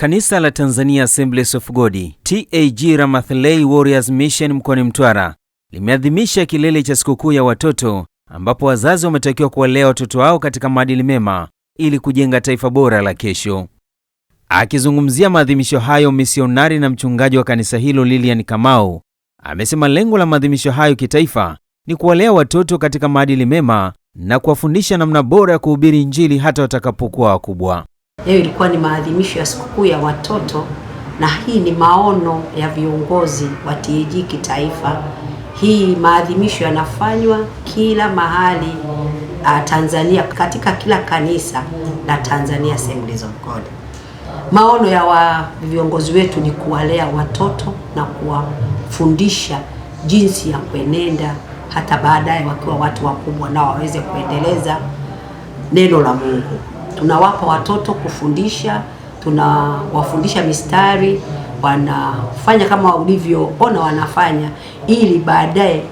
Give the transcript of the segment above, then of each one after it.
Kanisa la Tanzania Assemblies of God TAG Ramathlei Warriors Mission mkoani Mtwara limeadhimisha kilele cha sikukuu ya watoto ambapo wazazi wametakiwa kuwalea watoto wao katika maadili mema ili kujenga taifa bora la kesho. Akizungumzia maadhimisho hayo, misionari na mchungaji wa kanisa hilo Lilian Kamau amesema lengo la maadhimisho hayo kitaifa ni kuwalea watoto katika maadili mema na kuwafundisha namna bora ya kuhubiri Injili hata watakapokuwa wakubwa. Leo ilikuwa ni maadhimisho ya sikukuu ya watoto na hii ni maono ya viongozi wa TAG kitaifa. Hii maadhimisho yanafanywa kila mahali uh, Tanzania katika kila kanisa la Tanzania Assemblies of God. Maono ya wa viongozi wetu ni kuwalea watoto na kuwafundisha jinsi ya kuenenda hata baadaye wakiwa watu wakubwa, nao waweze kuendeleza neno la Mungu tunawapa watoto kufundisha, tunawafundisha mistari, wanafanya kama ulivyoona wanafanya, ili baadaye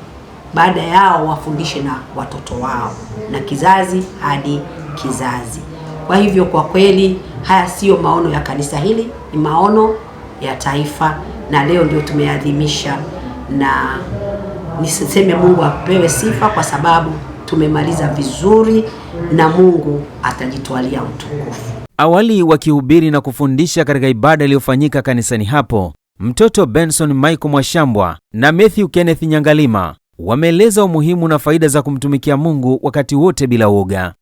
baada yao wafundishe na watoto wao na kizazi hadi kizazi. Kwa hivyo kwa kweli haya siyo maono ya kanisa hili, ni maono ya taifa, na leo ndio tumeadhimisha, na nisiseme Mungu apewe sifa kwa sababu tumemaliza vizuri na Mungu atajitwalia utukufu. Awali wakihubiri na kufundisha katika ibada iliyofanyika kanisani hapo, mtoto Benson Michael Mwashambwa na Matthew Kenneth Nyangalima wameeleza umuhimu na faida za kumtumikia Mungu wakati wote bila uoga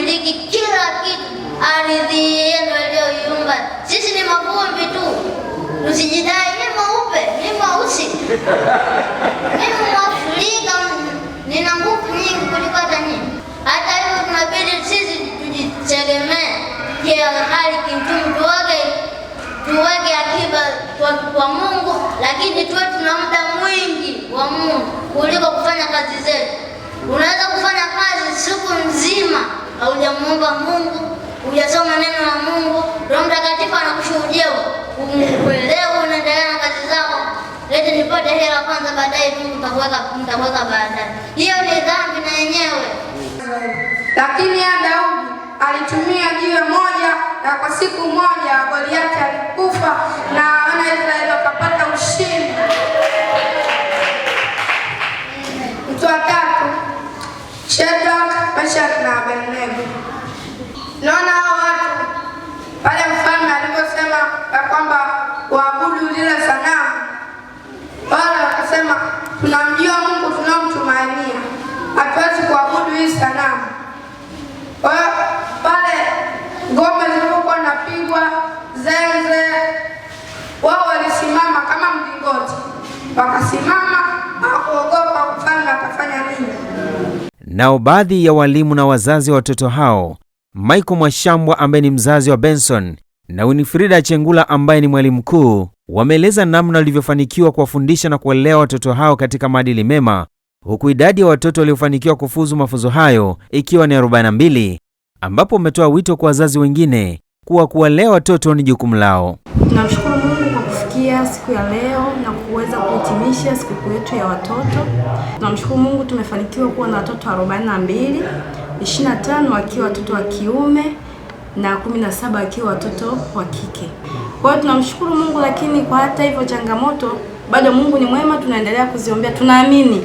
anamiliki kila kitu, ardhi yenu aliyoiumba. Sisi ni mavumbi tu, usijidai ni mweupe, ni mweusi. Mimi Mwafrika nina nguvu nyingi kuliko hata nyinyi. Hata hivyo tunabidi sisi tujitegemee. Je, hali kimtumu tuweke tuweke akiba kwa, kwa Mungu, lakini tuwe tuna muda mwingi wa Mungu kuliko kufanya kazi zetu. Unaweza haujamuomba Mungu, hujasoma neno la Mungu, Roho Mtakatifu anakushuhudia kuelewa, unaendelea na kazi zako, leti nipate hela kwanza, baadaye Mungu nitakuweka baadaye. Hiyo ni dhambi na yenyewe. Lakini ya Daudi alitumia jiwe moja na kwa siku moja Meshaki na Abednego. Naona hao watu pale mfalme aliposema ya kwamba waabudu lile sanamu, wale wakasema tunamjua Mungu tunamtumainia, hatuwezi kuabudu hii sanamu. Pale ngoma zilipokuwa napigwa zenze, wao walisimama kama mlingoti, wakasimama hawakuogopa mfalme atafanya nini. Nao baadhi ya walimu na wazazi wa watoto hao, Michael Mwashambwa ambaye ni mzazi wa Benson na Winifrida Chengula ambaye ni mwalimu mkuu, wameeleza namna walivyofanikiwa kuwafundisha na kuwalea watoto hao katika maadili mema, huku idadi ya watoto waliofanikiwa kufuzu mafunzo hayo ikiwa ni 42, ambapo wametoa wito kwa wazazi wengine kuwa kuwalea watoto ni jukumu lao. Tunamshukuru kuipokea siku ya leo na kuweza kuhitimisha sikukuu yetu ya watoto. Tunamshukuru Mungu tumefanikiwa kuwa na watoto 42, 25 wakiwa watoto wa kiume na 17 wakiwa watoto wa kike. Kwa hiyo tunamshukuru Mungu, lakini kwa hata hivyo changamoto bado Mungu ni mwema, tunaendelea kuziombea, tunaamini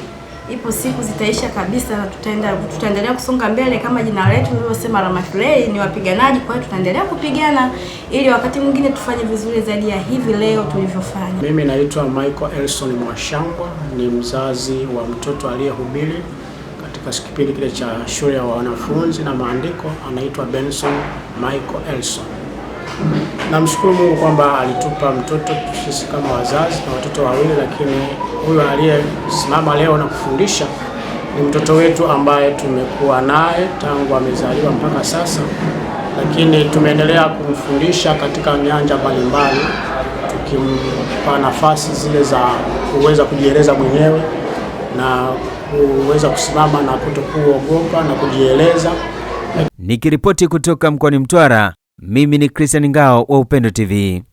ipo siku zitaisha kabisa, na tutaenda tutaendelea kusonga mbele kama jina letu lilivyosema, Ramatulei ni wapiganaji. Kwa hiyo tutaendelea kupigana ili wakati mwingine tufanye vizuri zaidi ya hivi leo tulivyofanya. Mimi naitwa Michael Elson Mwashangwa, ni mzazi wa mtoto aliyehubiri katika kipindi kile cha shule ya wanafunzi na maandiko, anaitwa Benson Michael Elson. Namshukuru Mungu kwamba alitupa mtoto sisi kama wazazi na watoto wawili, lakini huyu aliyesimama leo na kufundisha ni mtoto wetu ambaye tumekuwa naye tangu amezaliwa mpaka sasa, lakini tumeendelea kumfundisha katika nyanja mbalimbali, tukimpa nafasi zile za kuweza kujieleza mwenyewe na kuweza kusimama na kutokuogopa na kujieleza. Nikiripoti kutoka mkoani Mtwara. Mimi ni Christian Ngao wa Upendo TV.